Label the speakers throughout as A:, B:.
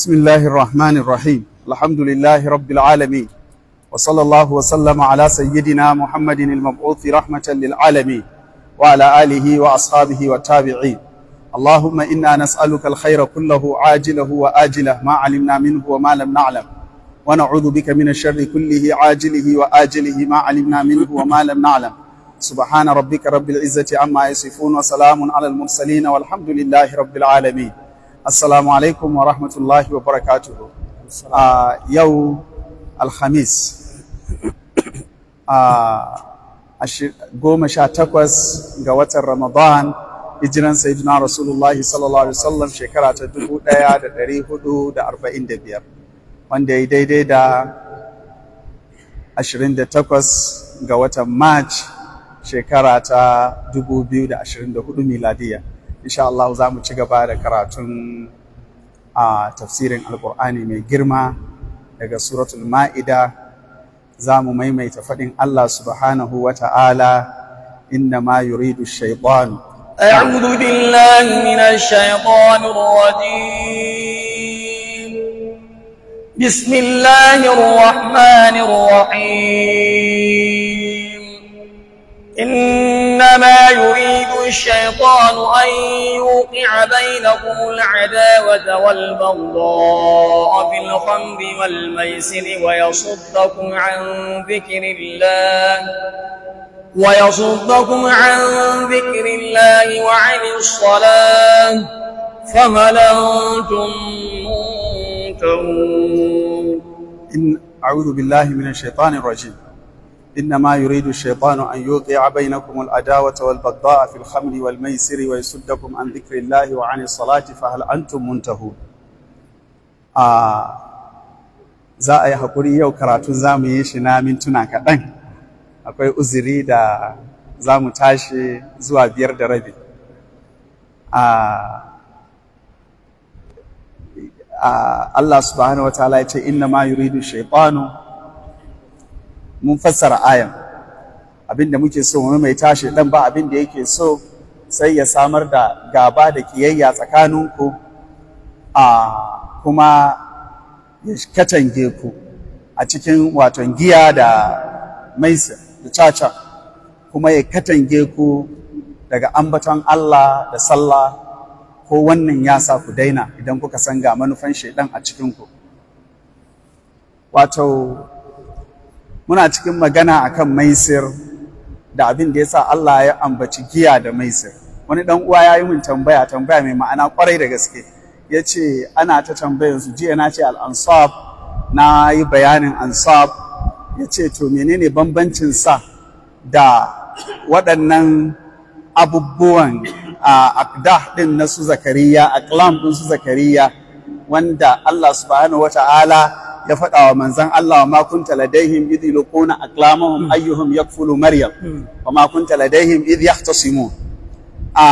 A: بسم الله الرحمن الرحيم الحمد لله رب العالمين وصلى الله وسلم على سيدنا محمد المبعوث رحمة للعالمين وعلى آله وأصحابه والتابعين اللهم إنا نسألك الخير كله عاجله وآجله ما علمنا منه وما لم نعلم ونعوذ بك من الشر كله عاجله وآجله ما علمنا منه وما لم نعلم سبحان ربك رب العزة عما يصفون وسلام على المرسلين والحمد لله رب العالمين Assalamu alaikum wa rahmatullahi wa barakatuh. Uh, ah, yau Alhamis, uh, goma sha takwas ga watan Ramadan, hijiran Sayyidina Rasulullah sallallahu Alaihi wasallam shekara ta dubu ɗaya da ɗari hudu da arba'in da biyar, wanda ya daidai da ashirin da takwas ga watan March shekara ta dubu biyu da ashirin da hudu miladiya. insha Allah za mu ci gaba da karatun a tafsirin alkur'ani mai girma daga suratul ma'ida za mu maimaita faɗin Allah subhanahu wa ta'ala inna ma yuridu shaitan أعوذ بالله من الشيطان الرجيم بسم الله الرحمن الرحيم إنما يريد الشيطان أن يوقع بينكم العداوة والبغضاء في الخمر والميسر ويصدكم عن ذكر الله ويصدكم عن ذكر الله وعن الصلاة فهل أنتم منكرون إن أعوذ بالله من الشيطان الرجيم إنما يريد الشيطان أن يوقع بينكم العداوة والبغضاء في الخمر والميسر ويصدكم عن ذكر الله وعن الصلاة فهل أنتم منتهون آه za a yi haƙuri yau karatun za mu yi shi na mintuna kaɗan akwai uziri da za mu tashi zuwa biyar da rabi Allah subhanahu wa ta'ala ya ce inna ma yuridu shaytanu mun fassara ayan abinda muke so mu mai tashi dan ba abin da yake so sai ya samar da gaba da kiyayya tsakaninku a kuma ya katange ku a cikin wato giya da maisa da caca kuma ya katange ku daga ambaton Allah da sallah ko wannan ya sa ku daina idan kuka san ga manufan shedan a ku wato muna cikin magana akan maisir da abin da yasa Allah ya ambaci giya da maisir wani dan uwa ya yi min tambaya tambaya mai ma'ana kwarai da gaske ya ce ana ta tambayar su jiya na ce al'ansab na yi bayanin ansab ya ce to menene bambancin sa da waɗannan abubuwan a akdah din na su zakariya aklam ɗin su zakariya wanda Allah subhanahu wata'ala ya faɗa wa manzan Allah wa ma kunta ladaihim idh yulquna aqlamahum hmm. ayyuhum yakfulu maryam hmm. wa ma kunta ladaihim idh yahtasimun a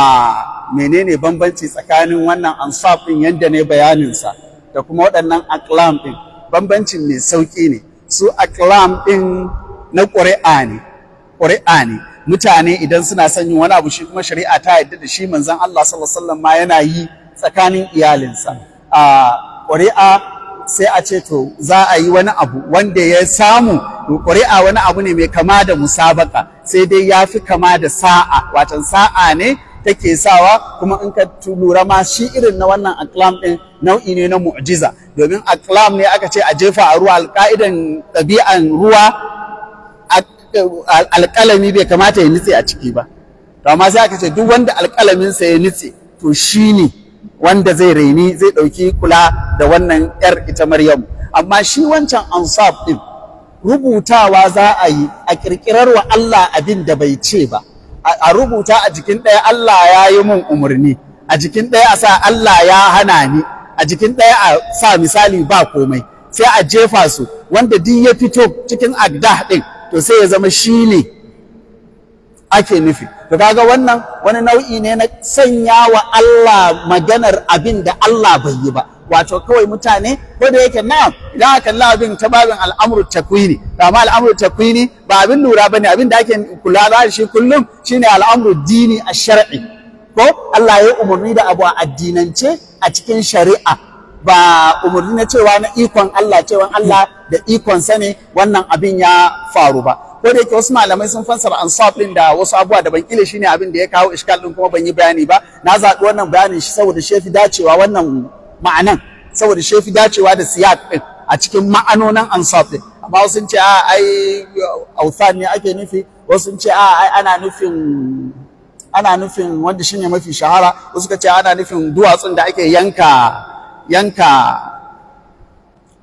A: menene bambanci tsakanin wannan ansab din yanda ne bayanin sa da kuma waɗannan aqlam din bambancin mai sauki ne su aqlam din na ƙuri'a ne ƙuri'a ne mutane idan suna son yin wani abu shi kuma shari'a ta yadda da shi manzan Allah sallallahu alaihi wasallam ma yana yi tsakanin iyalinsa a ƙuri'a sai a ce to za a yi wani abu wanda ya samu ƙuri'a wani abu ne mai kama da musabaka sai dai ya fi kama da sa'a watan sa'a ne take sawa kuma in ka lura ma shi irin na wannan aklam ɗin nau'i ne na mu'jiza domin aklam ne aka ce a jefa a ruwa alƙa'idan ɗabi'an ruwa alƙalami bai kamata ya nitse a ciki ba to amma sai aka ce duk wanda alƙalaminsa ya nitse to shi ne wanda zai raini zai ɗauki kula da wannan 'yar ita Maryam. Amma shi wancan ansab ɗin rubutawa za a yi a ƙirƙirar wa Allah abin da bai ce ba. A rubuta a jikin ɗaya Allah ya yi mun umarni, a jikin ɗaya a sa Allah ya hana ni, a jikin ɗaya a sa misali ba komai, sai a jefa su wanda duk ya fito cikin agdah ɗin to sai ya zama shi ne ake nufi to kaga wannan wani nau'i ne na sanya wa Allah maganar abin da Allah bai yi ba wato kawai mutane ko da yake na idan aka kalla abin ta babin al'amru takwini ma al'amru takwini ba abin lura bane abin da ake kula da shi kullum shine al'amru dini a shar'i ko Allah ya umarni da abu a addinance a cikin shari'a ba umarni na cewa na ikon Allah cewa Allah da ikon sani wannan abin ya faru ba ko da yake wasu malamai sun fansara ansab din da wasu abubuwa ban kila shine abin da ya kawo iskal din kuma ban yi bayani ba na zaɓi wannan bayanin shi saboda shi fi dacewa wannan ma'anan saboda shi fi dacewa da siyak din a cikin ma'anonin ansab din amma wasu ce a ai authan ne ake nufi wasu ce a ai ana nufin ana nufin wanda shine mafi shahara wasu ka ce ana nufin duwatsun da ake yanka yanka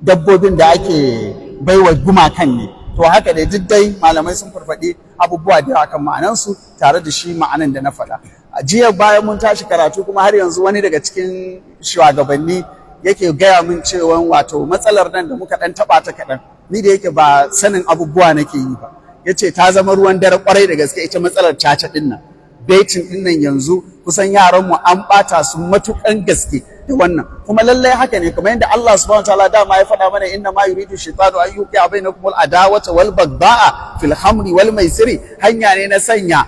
A: dabbobin da ake baiwa gumakan ne to haka dai duk dai malamai sun farfaɗi abubuwa da yawa akan ma'anansu tare da shi ma'anan da na faɗa a jiya bayan mun tashi karatu kuma har yanzu wani daga cikin shugabanni yake gaya min cewa wato matsalar nan da muka ɗan taɓa ta kaɗan ni da yake ba sanin abubuwa nake yi ba yace ta zama ruwan dare kwarai da gaske ita matsalar caca ɗin nan baitin dinnan yanzu kusan yaran mu an bata su matukan gaske da wannan kuma lallai haka ne kamar yadda Allah subhanahu wataala dama ya faɗa mana inna ma yuridu shaytanu an yuqi'a bainakum al-adawata wal baghdha'a fil hamri wal maisiri hanya ne na sanya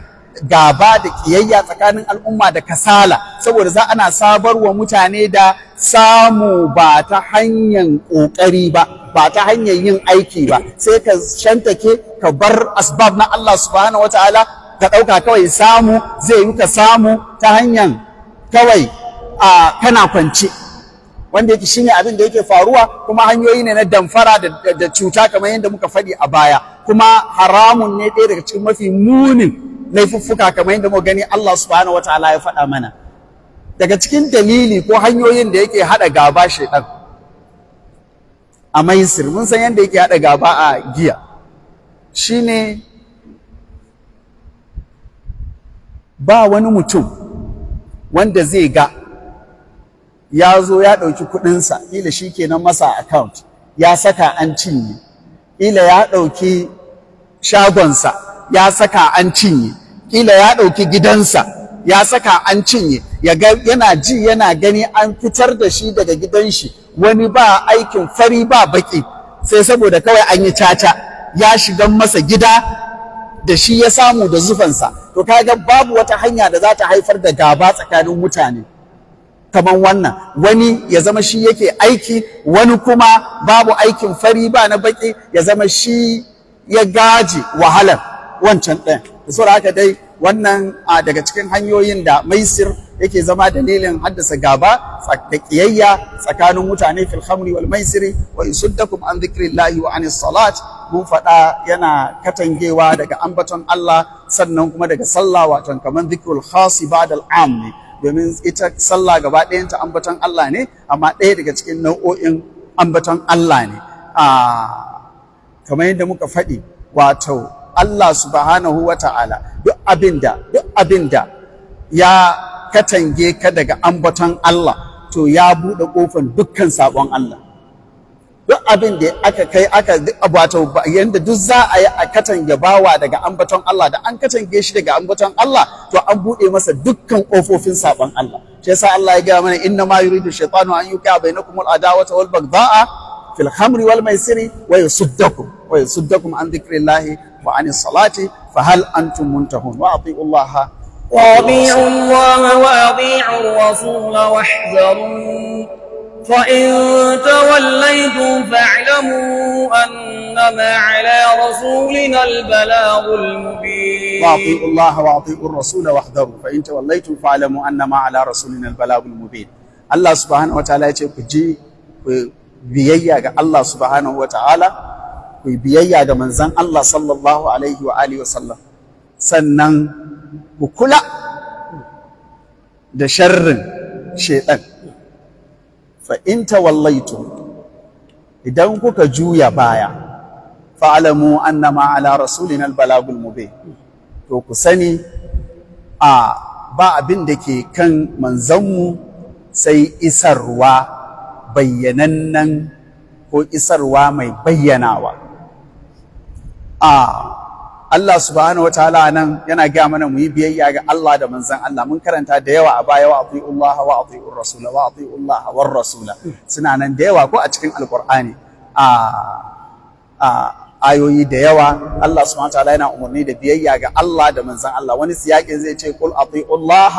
A: gaba da kiyayya tsakanin al'umma da kasala saboda za ana sabarwa mutane da samu ba ta hanyar ƙoƙari ba ba ta hanyar yin aiki ba sai ka shantake ka bar asbab na Allah subhanahu wataala ka ɗauka kawai samu zai yi ka samu ta hanyar kawai a kana kwance wanda yake shine abin da yake faruwa kuma hanyoyi ne na damfara da cuta kamar yadda muka faɗi a baya kuma haramun ne ɗaya daga cikin mafi munin laifuffuka kamar yadda muka gani Allah subhanahu wataala ya faɗa mana daga cikin dalili ko hanyoyin da yake haɗa gaba shaidan a maisir mun san yadda yake haɗa gaba a giya shine ba wani mutum wanda zai ga ya zo ya ɗauki kuɗinsa ila shi kenan masa account ya saka an cinye ila ya ɗauki shagonsa ya saka an cinye ila ya ɗauki gidansa ya saka an cinye yana ji yana gani an fitar da shi daga gidan shi wani ba aikin fari ba baƙi sai saboda kawai an yi caca ya shigan masa gida da shi ya samu da zufansa to ka ga babu wata hanya da za ta haifar da gaba tsakanin mutane kamar wannan wani ya zama shi yake aiki wani kuma babu aikin fari ba na baki ya zama shi ya gaji wahalar wancan ɗin da haka dai wannan a daga cikin hanyoyin da maisir yake zama dalilin haddasa gaba da kiyayya tsakanin mutane fil khamri wal maisiri wa yusuddakum an dhikrillahi wa anis salat mun faɗa yana katangewa daga ambaton Allah sannan kuma daga sallah wato kaman dhikrul khasi ba'da am domin ita sallah gaba ɗayan ta ambaton Allah ne amma ɗaya daga cikin nau'o'in ambaton Allah ne a kamar yadda muka faɗi wato Allah subhanahu wa ta'ala abinda duk abinda ya katange ka daga ambaton Allah to ya bude kofar dukkan sabon Allah duk abin aka kai aka wato yanda duk za a yi a katange bawa daga ambaton Allah da an katange shi daga ambaton Allah to an bude masa dukkan kofofin sabon Allah shi yasa Allah ya gaya mana inna ma yuridu shaytanu an yuqa bainakum al-adawata wal wal maisiri wa والميسر wa ويصدكم an ذكر wa anis salati. فهل أنتم منتهون وأطيعوا الله وأطيعوا الله وأطيعوا الرسول واحذروا فإن توليتم فاعلموا أنما على رسولنا البلاغ المبين وأطيعوا الله وأطيعوا الرسول واحذروا فإن توليتم فاعلموا أنما على رسولنا البلاغ المبين الله سبحانه وتعالى يقول بيئة الله سبحانه وتعالى ku biyayya ga manzon Allah sallallahu alaihi wa alihi wasallam sannan ku kula da sharrin shaiɗan. fa wallaitu idan kuka juya baya fa'alamu annama ala rasulina albalagul mubin to ku sani a ba abin da ke kan manzanmu sai isarwa bayyanannen ko isarwa mai bayyanawa a Allah subhanahu wa ta'ala nan yana gaya mana mu yi biyayya ga Allah da manzon Allah mun karanta da yawa a baya wa Allah wa atiur rasul wa Allah wa rasula suna nan da yawa ko a cikin alqur'ani a a ayoyi da yawa Allah subhanahu wa ta'ala yana umarni da biyayya ga Allah da manzon Allah wani siyakin zai ce kul atiur Allah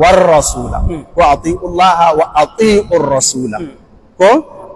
A: wa rasula hmm. ko atiur Allah wa atiur rasula hmm. ko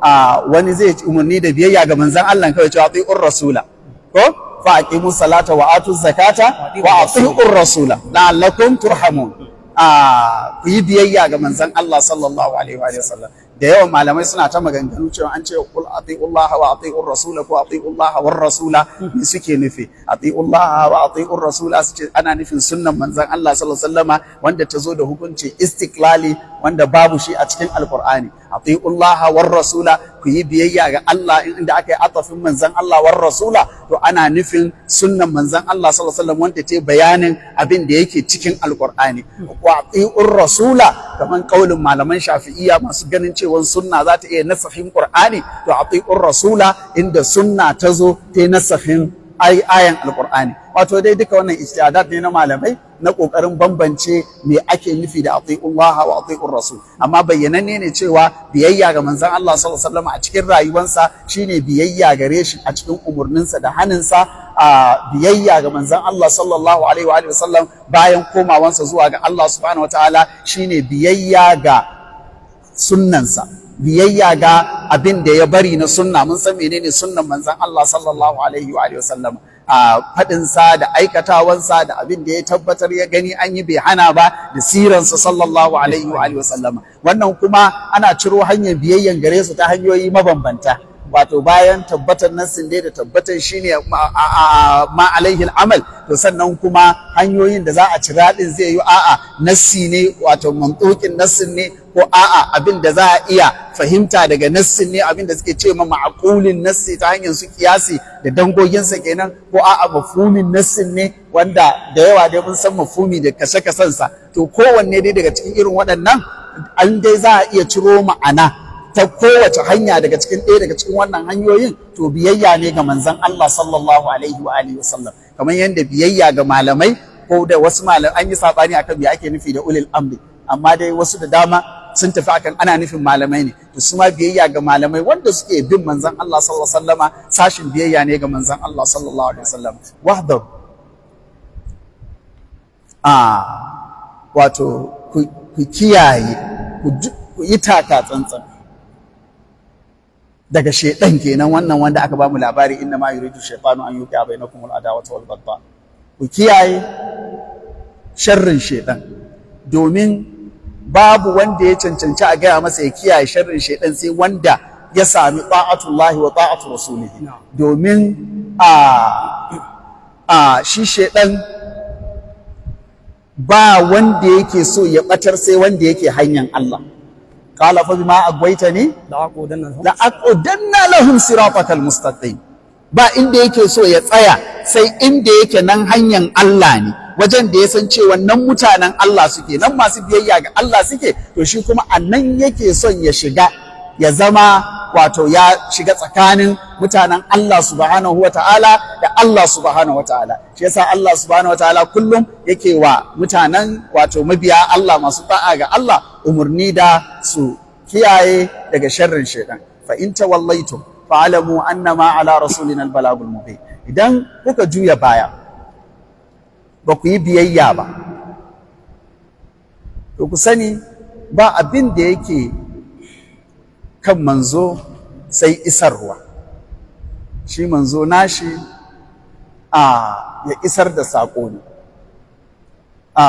A: a wani zai umarni da biyayya ga manzon Allah kawai ce atiur rasula ko fa aqimu salata wa atu zakata wa atiu rasula la'allakum turhamun a ah, ku yi biyayya ga manzon Allah sallallahu alaihi wa sallam da yawan malamai suna ta maganganu cewa an ce qul atiu Allah wa atiu rasula ko atiu Allah war rasula me suke nufi atiu Allah wa atiu rasula su ce ana nufin sunnan manzon Allah sallallahu alaihi wa Sallama. wanda ta zo da hukunci istiklali wanda babu shi a cikin alqur'ani atiu Allah war rasula ku yi biyayya ga Allah inda aka yi atafin manzan Allah war rasula to ana nufin sunnan manzan Allah sallallahu alaihi wasallam wanda ta bayanin abin da yake cikin alqur'ani wa atiur rasula kaman kaulin malaman shafi'iyya masu ganin cewa sunna za ta iya nasahin qur'ani to atiur rasula inda sunna ta zo ta nasahin ayan alqur'ani wato dai duka wannan istiadat ne na malamai na kokarin bambance me ake nufi da atiullah wa atiur rasul amma bayyananne ne cewa biyayya ga manzon Allah sallallahu alaihi wasallam a cikin rayuwarsa shine biyayya gare shi a cikin umurninsa da haninsa a biyayya ga manzon Allah sallallahu alaihi wa wasallam bayan komawansa zuwa ga Allah subhanahu wataala shine biyayya ga sunnansa biyayya ga abin da ya bari na sunna mun san menene sunnan manzon Allah sallallahu alaihi wa wasallam a fadin sa da aikatawan sa da abin da ya tabbatar ya gani an yi bai hana ba da siran sa sallallahu alaihi wa wasallam wannan kuma ana ciro hanyar biyayyan gare su ta hanyoyi mabambanta wato bayan tabbatar nassin dai da tabbatar shine ma alaihin amal to sannan kuma hanyoyin da za a ci radin zai yi a'a nassi ne wato mantokin nassin ne ko a'a abin da za a iya fahimta daga nassin ne abin da suke ce ma ma'aqulin nassi ta hanyar su kiyasi da dangoginsa kenan ko a'a mafumin nassin ne wanda da yawa dai mun san mafumi da kashe kasansa to kowanne dai daga cikin irin waɗannan an dai za a iya ciro ma'ana ta kowace hanya daga cikin ɗaya daga cikin wannan hanyoyin to biyayya ne ga manzon Allah sallallahu alaihi wa alihi wasallam kamar yadda biyayya ga malamai ko da wasu malamai an yi sabani akan me ake nufi da ulil amri amma dai wasu da dama sun tafi akan ana nufin malamai ne to su ma biyayya ga malamai wanda suke bin manzon Allah sallallahu alaihi wasallama sashin biyayya ne ga manzon Allah sallallahu alaihi wasallam wahdar a wato ku kiyaye ku yi taka tsantsan daga shaidan kenan wannan wanda aka bamu labari inna ma yuridu shaytanu an yuqi'a bainakum al-adawata wal baghdha ku kiyaye sharrin shaidan domin babu wanda ya cancanci a gaya masa ya kiyaye sharrin shaidan sai wanda ya sami ta'atullahi wa ta'atu rasulihi domin a shi shaidan ba wanda yake so ya batar sai wanda yake hanyar Allah qala fa bima agwaitani la aqudanna lahum siratal mustaqim ba inda yake so ya tsaya sai inda yake nan hanyar Allah ne wajen da ya san cewa nan mutanen Allah suke nan masu biyayya ga Allah suke to shi kuma a yake son ya shiga ya zama wato ya shiga tsakanin mutanen Allah subhanahu wata'ala da Allah subhanahu wata'ala shi yasa Allah subhanahu wata'ala kullum yake wa mutanen wato mabiya Allah masu ta'a ga Allah umurni da su kiyaye daga sharrin shaitan fa in fa'alamu fa'lamu annama ala rasulina albalagul mubin idan kuka juya baya ba ku yi biyayya ba to ku sani ba abin da yake kan manzo sai isarwa shi manzo nashi a ya isar da saƙo ne a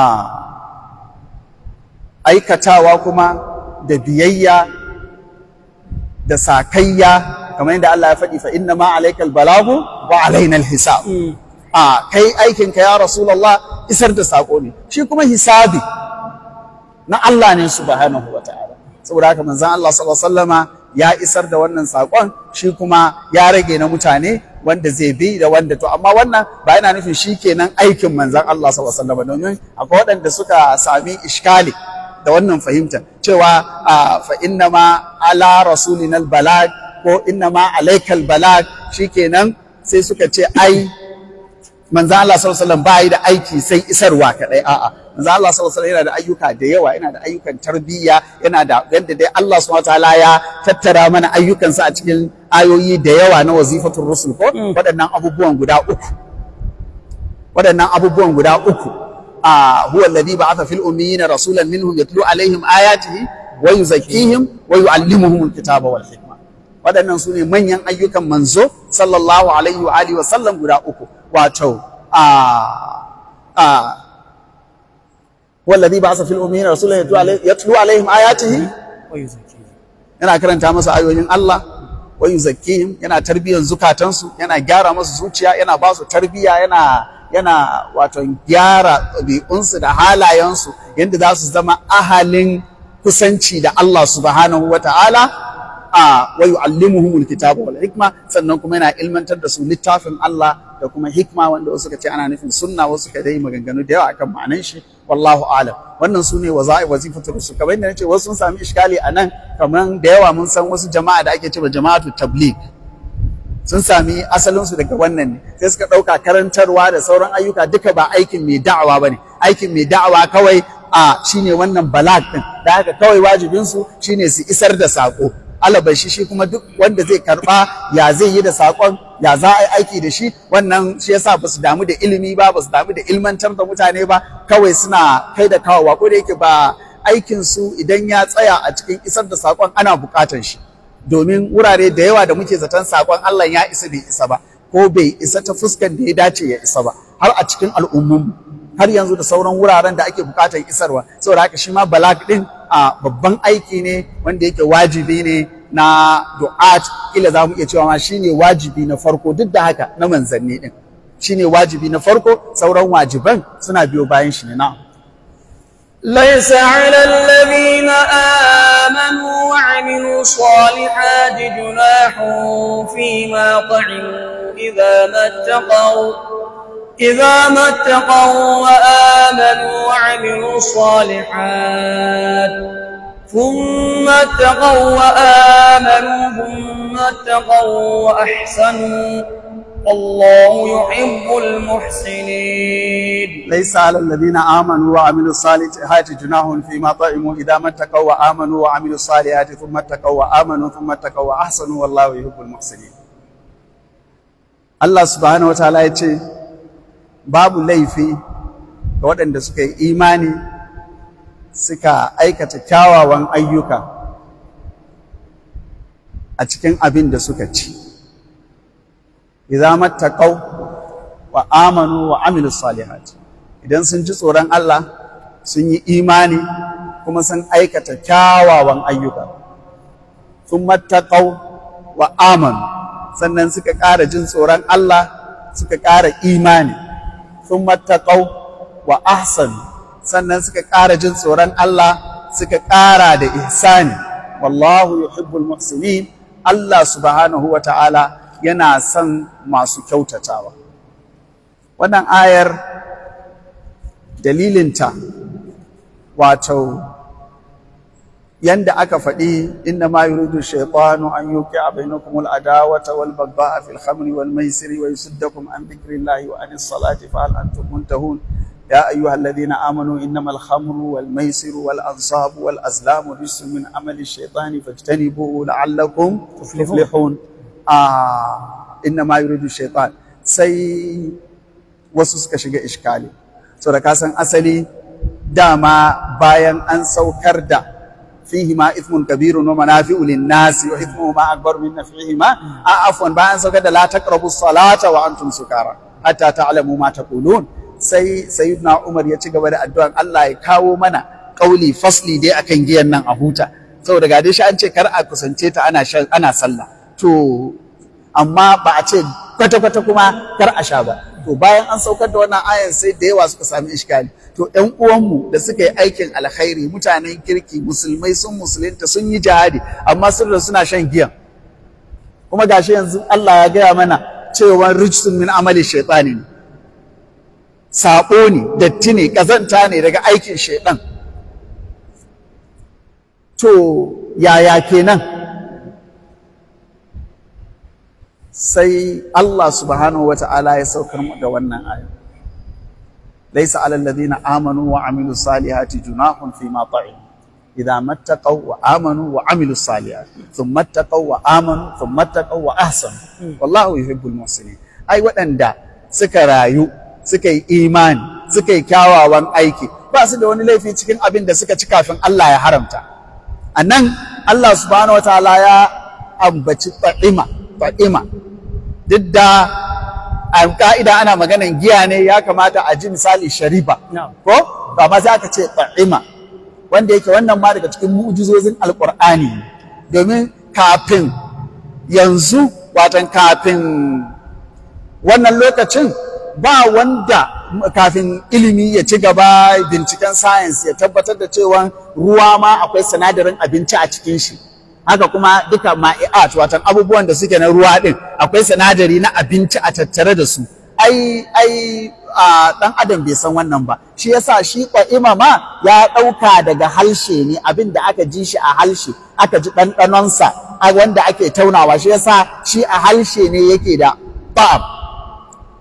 A: aikatawa kuma da biyayya da sakayya kamar yadda Allah ya faɗi fa inna ma alaikal balagu wa alainal hisab mm. a kai aikinka ya rasulullah isar da saƙo ne shi kuma hisabi na Allah ne subhanahu wa ta'ala saboda haka manzon Allah sallallahu alaihi wasallama ya isar da wannan sakon shi kuma ya rage na mutane wanda zai bi da wanda to amma wannan ba yana nufin shi kenan aikin manzon Allah sallallahu alaihi wasallama domin akwai waɗanda suka sami iskali da wannan fahimta cewa fa ma ala rasulina al-balag ko innama alaikal balag kenan sai suka ce ai manzo Allah sallallahu alaihi wasallam bai da aiki sai isarwa kadai a'a manzo Allah sallallahu alaihi yana da ayyuka da yawa yana da ayyukan tarbiyya yana da yadda dai Allah subhanahu wataala ya tattara mana ayyukansa a cikin ayoyi da yawa na wazifatul rusul ko mm. waɗannan abubuwan guda uku waɗannan abubuwan guda uku a huwa alladhi ba'atha fil ummiyina rasulan minhum yatlu alaihim ayatihi wa yuzakkihim wa yu'allimuhum alkitaba wal hikma waɗannan su ne manyan ayyukan manzo sallallahu alaihi wa alihi wa sallam guda uku wato a a wallazi ba fil ummiyin rasulun yatlu alaihim ayatihi yana karanta masa ayoyin Allah wa yuzakkihim yana tarbiyan zukatansu yana gyara masu zuciya yana ba su tarbiya yana yana wato gyara ɗabi'unsu da halayensu yadda za su zama ahalin kusanci da Allah subhanahu wa ta'ala a wayu allimuhumul alkitaba wal hikma sannan kuma yana ilmantar da su littafin Allah da kuma hikma wanda wasu suka ce ana nufin sunna wasu ka dai maganganu da yawa akan ma'anan shi wallahu alam wannan sune waza'i wazifatu rusul kamar yadda nace wasu sun sami iskali a nan kamar da yawa mun san wasu jama'a da ake cewa jama'atu tabligh sun sami asalin su daga wannan ne sai suka dauka karantarwa da sauran ayyuka duka ba aikin mai da'awa bane aikin mai da'awa kawai a shine wannan balag din da haka kawai wajibin su shine su isar da sako bai shi kuma duk wanda zai karba ya zai yi da sakon ya za a yi aiki da shi wannan shi yasa ba su damu da ilimi ba ba su damu da ilmantar da mutane ba kawai suna kai da kawowa wa da yake ba aikin su idan ya tsaya a cikin isar da sakon ana bukatar shi domin wurare da yawa da muke zaton sakon Allah ya isa bai isa ba ko bai isa ta fuskan da ya dace ya isa ba har a cikin al'ummun har yanzu da sauran wuraren da ake bukatar isarwa saboda haka shi ma balak din a babban aiki ne wanda yake wajibi ne na du'at kila za mu iya cewa ma shine wajibi na farko duk da haka na manzanni din shine wajibi na farko sauran wajiban suna biyo bayan shi ne na laysa 'ala alladhina amanu wa 'amilu salihati junahun fima ta'imu idza mattaqu إذا ما اتقوا وآمنوا وعملوا الصالحات ثم اتقوا وآمنوا ثم اتقوا وأحسنوا الله يحب المحسنين ليس على الذين آمنوا وعملوا الصالحات جناح فيما طعموا إذا ما اتقوا وآمنوا وعملوا الصالحات ثم اتقوا وآمنوا ثم اتقوا وأحسنوا والله يحب المحسنين الله سبحانه وتعالى يقول babu laifi ga waɗanda suka yi imani suka aikata kyawawan ayyuka a cikin abin da suka ci idza wa amanu wa salihat idan sun ji tsoron Allah sun yi imani kuma sun aikata kyawawan ayyuka sun mattaqaw wa amanu sannan suka ƙara jin tsoron Allah suka ƙara imani sun mattaƙau wa ahsan sannan suka ƙara jin tsoron Allah suka ƙara da ihsani wallahu yuhibbul muhsinin Allah subhanahu wa ta'ala yana son masu kyautatawa wannan ayar dalilinta wato yanda aka faɗi inna ma yuridu shaytanu an bainakum al-adawata wal baghdha'a fil khamri wal maisiri wa an dhikrillahi wa anis salati fa hal antum muntahun ya amanu innamal khamru wal maisiru wal ansabu wal azlamu rijsun min amali shaytani fajtanibuhu la'allakum tuflihun ah inna ma yuridu shaytan sai wasu suka shiga iskali saboda kasan asali dama bayan an saukar da fihima ithmun kabirun wa manafi'u lin-nasi wa ithmuhuma da la taqrabu salata wa antum sukara hatta ta'lamu ma taqulun sai sayyidina Umar ya ci gaba da addu'an Allah ya kawo mana kauli fasli dai akan giyan nan a huta saboda ga dai shi an ce kar a kusance ta ana ana sallah to amma ba a ce kwata-kwata kuma kar a sha ba to bayan an saukar da wannan ayan sai da yawa suka sami iskali to ƴan uwanmu da suka yi aikin alkhairi mutanen kirki musulmai sun musulunta sun yi jihadi amma sun suna shan giya kuma gashi yanzu Allah ya gaya mana cewa rijsun min amali shaytani ne sabo ne datti ne kazanta ne daga aikin shaytan to yaya kenan sai Allah subhanahu wa ta'ala ya saukar mu da wannan aya laisa alal ladina amanu wa amilu salihati junahun fi ma ta'im idza mattaqaw wa amanu wa amilu salihati thumma mattaqaw wa amanu thumma mattaqaw wa ahsan hmm. wallahu yuhibbul muhsinin ai waɗanda suka rayu suka yi imani suka yi kyawawan aiki ba su da wani laifi cikin abin da suka ci kafin Allah ya haramta a nan Allah subhanahu ta'ala ya ambaci ɗaɗima fa'ima duk da a ka'ida ana maganan giya ne ya kamata a ji misali shariba ko ma za ka ce fa'ima wanda yake wannan ma daga cikin mu'jizozin alqur'ani domin kafin yanzu watan kafin wannan lokacin ba wanda kafin ilimi ya ci gaba binciken science ya tabbatar da cewa ruwa ma akwai sinadarin abinci a cikin shi haka kuma duka ma'i'at watan abubuwan da suke na ruwa din akwai sinadari na abinci a tattare da su ai ai dan adam bai san wannan ba shi yasa shi qa'ima ma ya dauka daga halshe ne abin da aka ji shi a halshe aka ji ɗanɗanonsa wanda ake taunawa shi yasa shi a halshe ne yake da ba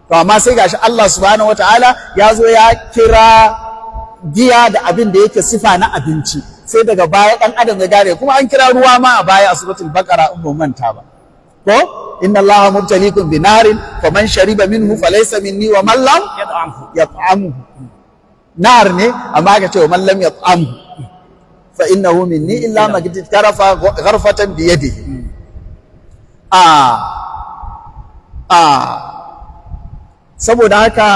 A: to amma sai gashi Allah subhanahu wataala ya zo ya kira giya da abin da yake sifa na abinci sai daga baya ɗan adam ya gare kuma an kira ruwa ma a baya a suratul baqara in ba manta ba ko inna allaha mubtaliikum bi narin man shariba minhu laysa minni wa man lam yat'amhu nar ne amma ka ce wa man lam yat'amhu fa innahu minni illa magdid karafa gharfatan bi yadihi a a saboda haka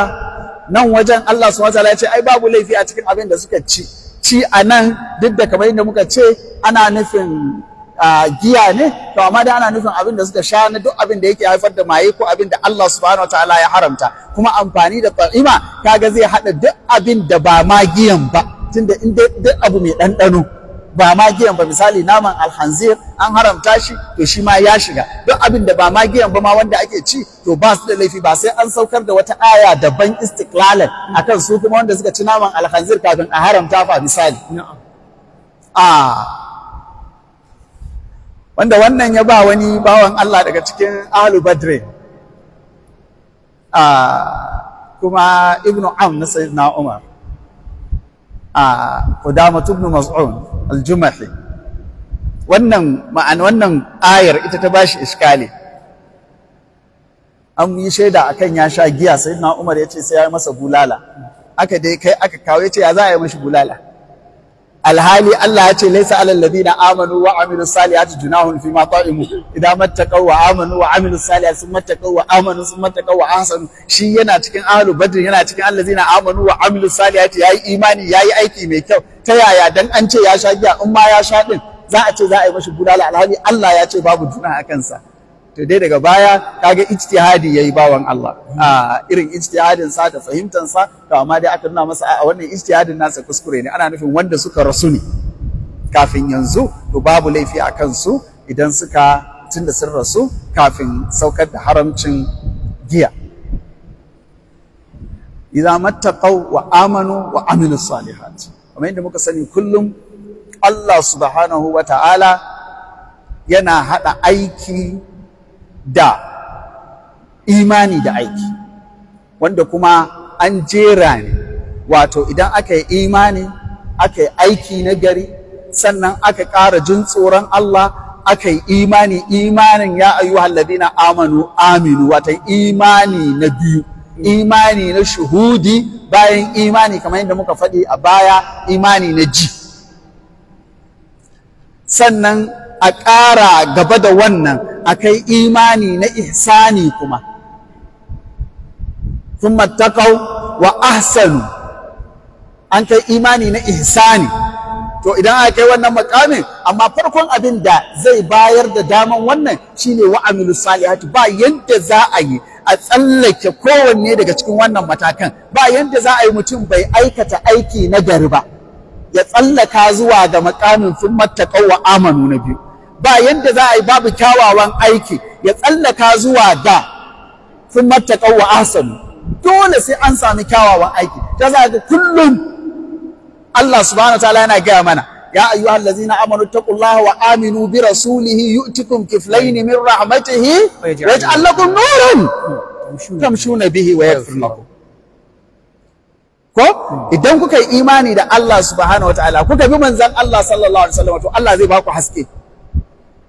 A: nan wajen Allah subhanahu wa ta'ala ya ce ai babu laifi a cikin abin da suka ci ci a nan duk da kamar yadda muka ce ana nufin giya ne to amma dai ana nufin abin da suka sha na duk abin da yake haifar da maye ko abin da Allah subhanahu ta'ala ya haramta kuma amfani da ta'ima kaga zai hada duk abin da ba ma giyan ba tunda in dai duk abu mai ɗanɗano ba magiyan ba misali naman alhanzir an haramta shi to shi ma ya shiga duk abin da ba magiyan ba ma wanda ake ci to ba su da laifi ba sai an saukar da wata aya daban istiklalan akan su kuma wanda suka ci naman alhanzir kafin a haramta fa misali a wanda wannan ya ba wani bawan Allah daga cikin ahlu badre kuma ibnu am na sayyidina umar a kudamatu ibnu mas'ud aljumahi wannan ma'ana wannan ayar ita ta bashi iskali an yi shaida akan ya sha giya sai na umar ya ce sai ya masa bulala aka dai kai aka kawo ya ya za a yi mashi bulala alhali Allah ya ce laisa alal ladina amanu wa amilus salihati junahun fi ma ta'imu idan mattaqaw wa amanu wa amilus salihati sun mattaqaw wa amanu sun mattaqaw wa ahsanu shi yana cikin ahlu badr yana cikin allazina amanu wa amilus salihati yayi imani yayi aiki mai kyau ta yaya dan an ce ya sha giya in ma ya sha din za a ce za a yi mashi gudala alhali Allah ya ce babu juna a kansa to dai daga baya kaga ijtihadi yayi bawan Allah a irin ijtihadin sa da fahimtan sa to amma dai aka nuna masa a wannan ijtihadin nasa kuskure ne ana nufin wanda suka rasu ne kafin yanzu to babu laifi a kansu idan suka tunda sun rasu kafin saukar da haramcin giya idza mattaqaw wa amanu wa amilus salihat kamar inda muka sani kullum Allah subhanahu wa ta'ala yana haɗa aiki da imani da aiki wanda kuma an jera ne wato idan aka yi imani aka yi aiki na gari sannan aka ƙara jin tsoron Allah aka yi imani imanin ya ayyuhal na amanu aminu wata imani na biyu imani na shahudi bayan imani kamar yadda muka faɗi a baya imani na ji sannan a ƙara gaba da wannan akai imani na ihsani kuma thumma taqaw wa ahsanu an kai imani na ihsani to idan aka kai wannan makamin amma farkon abin da zai bayar da daman wannan shine wa amilu salihati ba yanda za a yi a tsallake kowanne daga cikin wannan matakan ba yanda za a yi mutum bai aikata aiki na gari ba ya tsallaka zuwa ga makamin sun mattaqaw wa amanu na biyu ba yadda za a yi babu kyawawan aiki ya tsallaka zuwa da sun mattaƙau wa ahsanu dole sai an sami kyawawan aiki ta za ga kullum Allah subhanahu ta'ala yana gaya mana ya ayyu ayyuhal na amanu taqullaha wa aminu bi rasulihi yu'tikum kiflayn min rahmatihi wa yaj'al lakum nuran tamshuna bihi wa yaghfir lakum ko idan kuka yi imani da Allah subhanahu ta'ala kuka bi manzon Allah sallallahu alaihi wasallam to Allah zai ba ku haske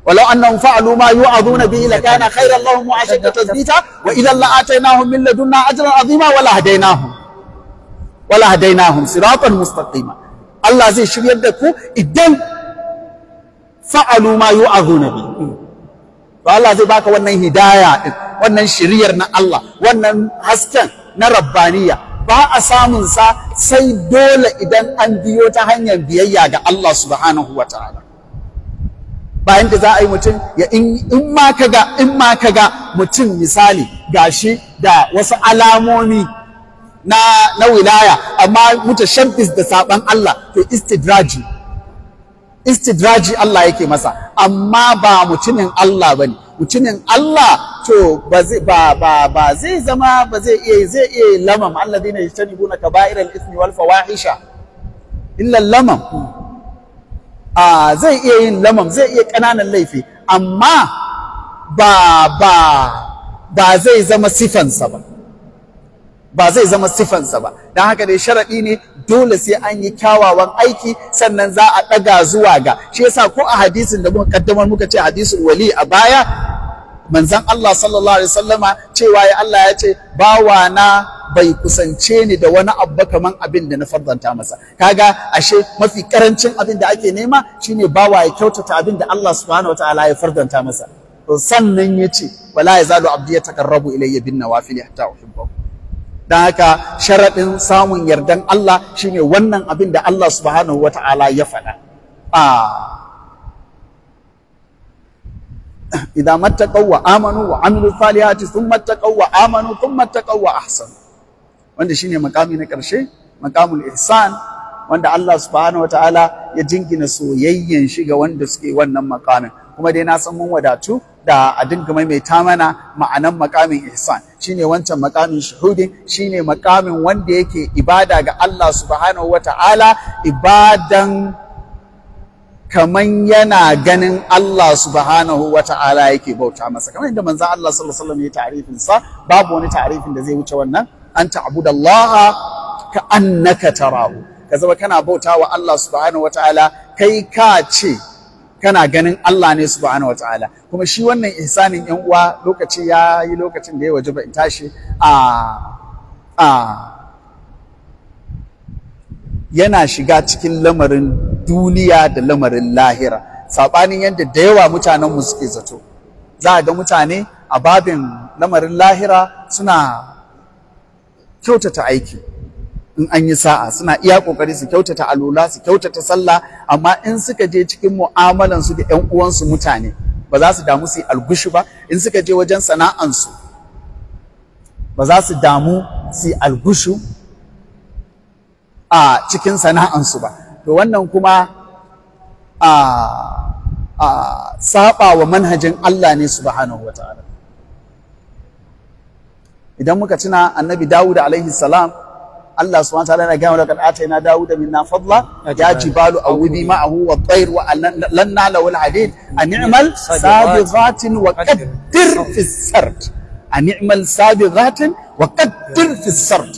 A: ولو انهم فعلوا ما يوعظون به لكان خيرا لهم واشد تثبيتا واذا لاتيناهم من لدنا اجرا عظيما ولا هديناهم ولا هديناهم صراطا مستقيما الله زي شو يدكو idan fa'alu ma yu'azuna bi to Allah zai baka wannan hidaya din wannan shiriyar na Allah wannan hasken na rabbaniya ba a samun sa sai dole idan an biyo ta hanyar biyayya ga Allah subhanahu wataala bayan da za a yi mutum ya in ma kaga in ma ga mutum misali gashi da wasu alamomi na na wilaya amma muta shabbis da saban Allah to istidraji istidraji Allah yake masa amma ba mutumin Allah bane mutumin Allah to ba zai ba ba ba zai zama ba zai iya zai iya lamam alladhina kaba'ira al ithmi wal fawahisha illa lamam a zai iya yin lamam zai iya ƙananan laifi amma ba ba ba zai zama sifansa ba ba zai zama sifansa ba don haka dai sharaɗi ne dole sai an yi kyawawan aiki sannan za a ɗaga zuwa ga shi yasa ko a hadisin da muka kaddamar muka ce hadisin wali a baya manzan Allah sallallahu alaihi sallama cewa ya Allah ya ce bawa na bai kusance ni da wani abu kaman abin da na fardanta masa kaga ashe mafi karancin abin da ake nema shine bawa ya kyautata abin da Allah subhanahu wataala ya fardanta masa sannan ya ce wala ya zalu abdi ya taqarrabu ilayya bin nawafil hatta uhibbahu dan haka sharaɗin samun yardan Allah shine wannan abin da Allah subhanahu wataala ya faɗa ah. idza mattaqaw wa amanu wa amilu salihati thumma mattaqaw wa amanu thumma mattaqaw wa ahsan wanda shine makami na karshe makamul ihsan wanda Allah subhanahu ta'ala ya jingina soyayyen shi ga wanda suke wannan makamin kuma dai na san mun wadatu da a dinga maimaita mana ma'anan makamin ihsan shine wancan makamin shuhudi shine makamin wanda yake ibada ga Allah subhanahu ta'ala ibadan kaman yana ganin Allah subhanahu wa ta'ala yake bauta masa kamar yadda manzon Allah sallallahu alaihi wasallam ya ta'rifin sa babu wani ta'rifin da zai wuce wannan an Allah ka annaka tarahu ka zama kana bauta wa Allah subhanahu wa ta'ala kai ka ce kana ganin Allah ne subhanahu ta'ala. kuma shi wannan ihsanin yan uwa lokaci ya yi lokacin da ya waje ba in tashi a a yana shiga cikin lamarin duniya da lamarin lahira saɓanin yadda da yawa mutanenmu mu suke zato za a ga mutane a babin lamarin lahira suna kyautata aiki in an yi sa'a suna iya ƙoƙari su kyautata alula su kyautata sallah amma in suka je cikin mu'amalan da ƴan uwansu mutane ba za su damu su yi algushi ba in suka je wajen sana'ansu ba za su damu su yi algushu a cikin sana'ansu ba to wannan kuma a a saba wa manhajin Allah ne subhanahu wataala idan muka tuna annabi Dawud alaihi salam Allah subhanahu wataala yana gaya laqad atayna Dawud minna fadla ya jibalu awbi ma'ahu wa tayr wa lan nala wal hadid an i'mal sabighatin wa qaddir fi sard an i'mal sabighatin wa qaddir fi sard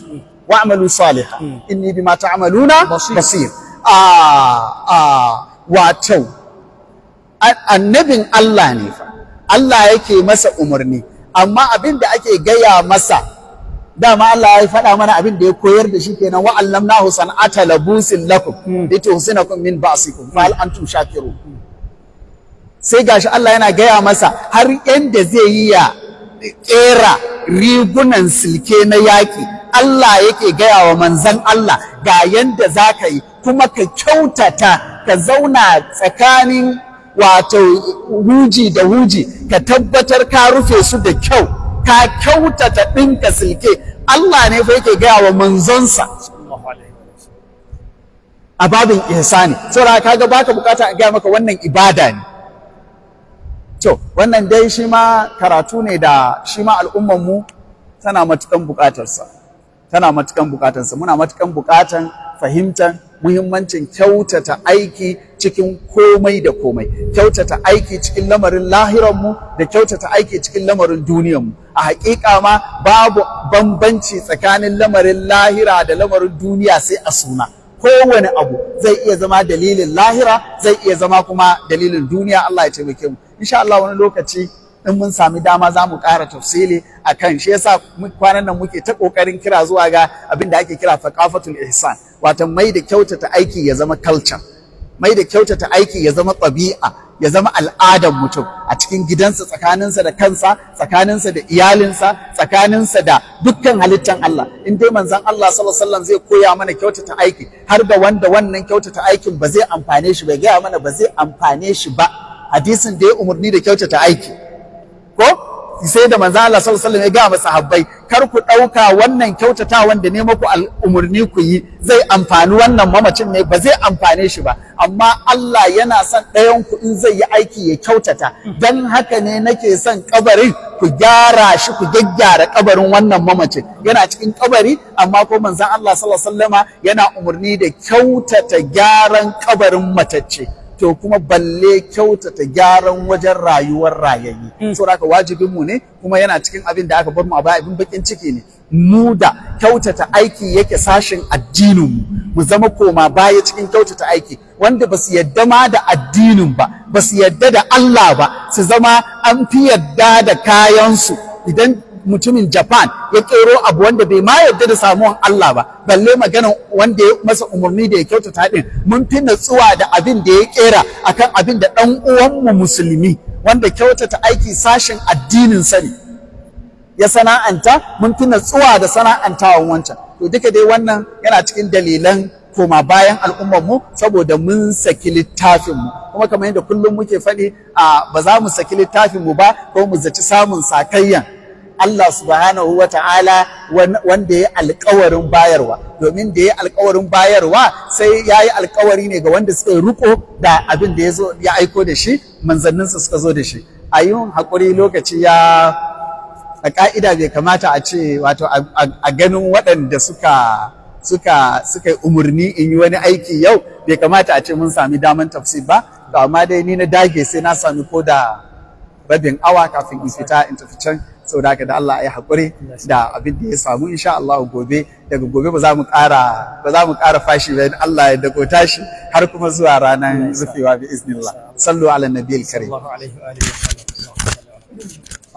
A: واعملوا صالحا اني بما تعملون بصير a wato annabin Allah ne fa Allah yake masa umarni amma abin da ake gaya masa dama Allah ya faɗa mana abin da ya koyar da shi kenan wa allamnahu san'ata labusin lakum hmm. lituhsinakum min ba'sikum hmm. fa antum shakirun sai gashi Allah yana gaya masa har yanda zai yi ya kera rigunan silke na yaƙi Allah yake gaya wa manzan Allah ga yanda za ka yi kuma ka kyautata ka zauna tsakanin wato huji da huji ka tabbatar ka rufe su da kyau ka kyautata ɗinka silke Allah ne fa yake gaya wa manzonsa a babin ihsani saboda kaga baka bukata a gaya maka wannan ibada ne to wannan dai shi ma karatu ne da shi ma mu tana matukan bukatarsa tana matukan bukatarsa muna matukan bukatan fahimtar muhimmancin kyautata aiki cikin komai da komai kyautata aiki cikin lamarin lahiranmu da kyautata aiki cikin lamarin duniyanmu a hakika ma babu bambanci tsakanin lamarin lahira da lamarin duniya sai a suna kowane abu zai iya zama dalilin lahira zai iya zama kuma dalilin duniya Allah ya taimake mu insha Allah wani lokaci in mun sami dama za mu ƙara tafsili a kan shi yasa kwanan nan muke ta ƙoƙarin kira zuwa ga abin da ake kira thaqafatul ihsan wato mai da kyautata aiki ya zama culture mai da kyautata aiki ya zama ɗabi'a ya zama al'adan mutum a cikin gidansa tsakaninsa da kansa tsakaninsa da iyalinsa tsakaninsa da dukkan halittan Allah in dai manzon Allah sallallahu alaihi wasallam zai koya mana kyautata aiki har da wanda wannan kyautata aikin ba zai amfane shi bai gaya mana ba zai amfane shi ba hadisin da ya umarni da kyautata aiki ko sai da manzo Allah sallallahu alaihi wasallam ya ga masahabbai kar ku dauka wannan kyautata wanda ne muku al'umurni ku yi zai amfani wannan mamacin ne ba zai amfane shi ba amma Allah yana son ɗayan ku in zai yi aiki ya kyautata dan haka ne nake son kabarin ku gyara shi ku gyaggyara kabarin wannan mamacin yana cikin kabari amma ko manzo Allah sallallahu alaihi wasallama yana umurni da kyautata gyaran kabarin matacce to kuma balle kyautata gyaran wajen rayuwar rayayi mm. saboda haka wajibin mu ne kuma yana cikin abin da aka bar mu a baya abin bakin ciki ne mu da kyautata aiki yake sashen addinin mu mu zama koma baya cikin kyautata aiki wanda ba su yadda ma da addinin ba ba su yadda da Allah ba su zama an fi yadda da kayansu idan mutumin Japan ya kero abu wanda bai ma yarda da samuwan Allah ba balle maganan wanda ya masa umarni da ya kyautata din mun fi natsuwa da abin da ya kera akan abin da dan uwanmu musulmi wanda kyautata aiki sashen addinin sani ya sana'anta mun fi natsuwa da sana'antawan wancan to duka dai wannan yana cikin dalilan koma bayan al'ummar mu saboda mun saki mu kuma kamar yadda kullum muke faɗi a ba za mu saki littafin mu ba ko mu zaci samun sakayyan Allah subhanahu wa ta'ala wanda ya alkawarin bayarwa domin da ya alkawarin bayarwa sai ya yi alkawari ne ga wanda suka yi riko da abin da ya aiko da shi manzanninsa suka zo da shi a yi haƙuri lokaci ya a ƙa'ida bai kamata a ce wato a ganin waɗanda suka suka suka umarni in yi wani aiki yau bai kamata a ce mun sami daman tafsir ba to amma dai ni na dage sai na sami ko da rabin awa kafin in fita in tafi can saboda haka da Allah ya haƙuri da abin da ya samu insha Allah gobe daga gobe ba za mu ƙara ba za mu ƙara fashi ba Allah ya dako tashi har kuma zuwa ranar rufewa bi iznillah sallu ala nabiyil karim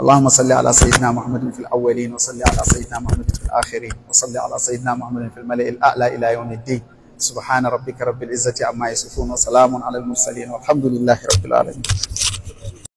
A: اللهم صل على سيدنا محمد في الاولين وصل على سيدنا محمد في الاخرين وصل على سيدنا محمد في الملأ الاعلى الى يوم الدين سبحان ربك رب العزه عما يصفون وسلام على المرسلين والحمد لله رب العالمين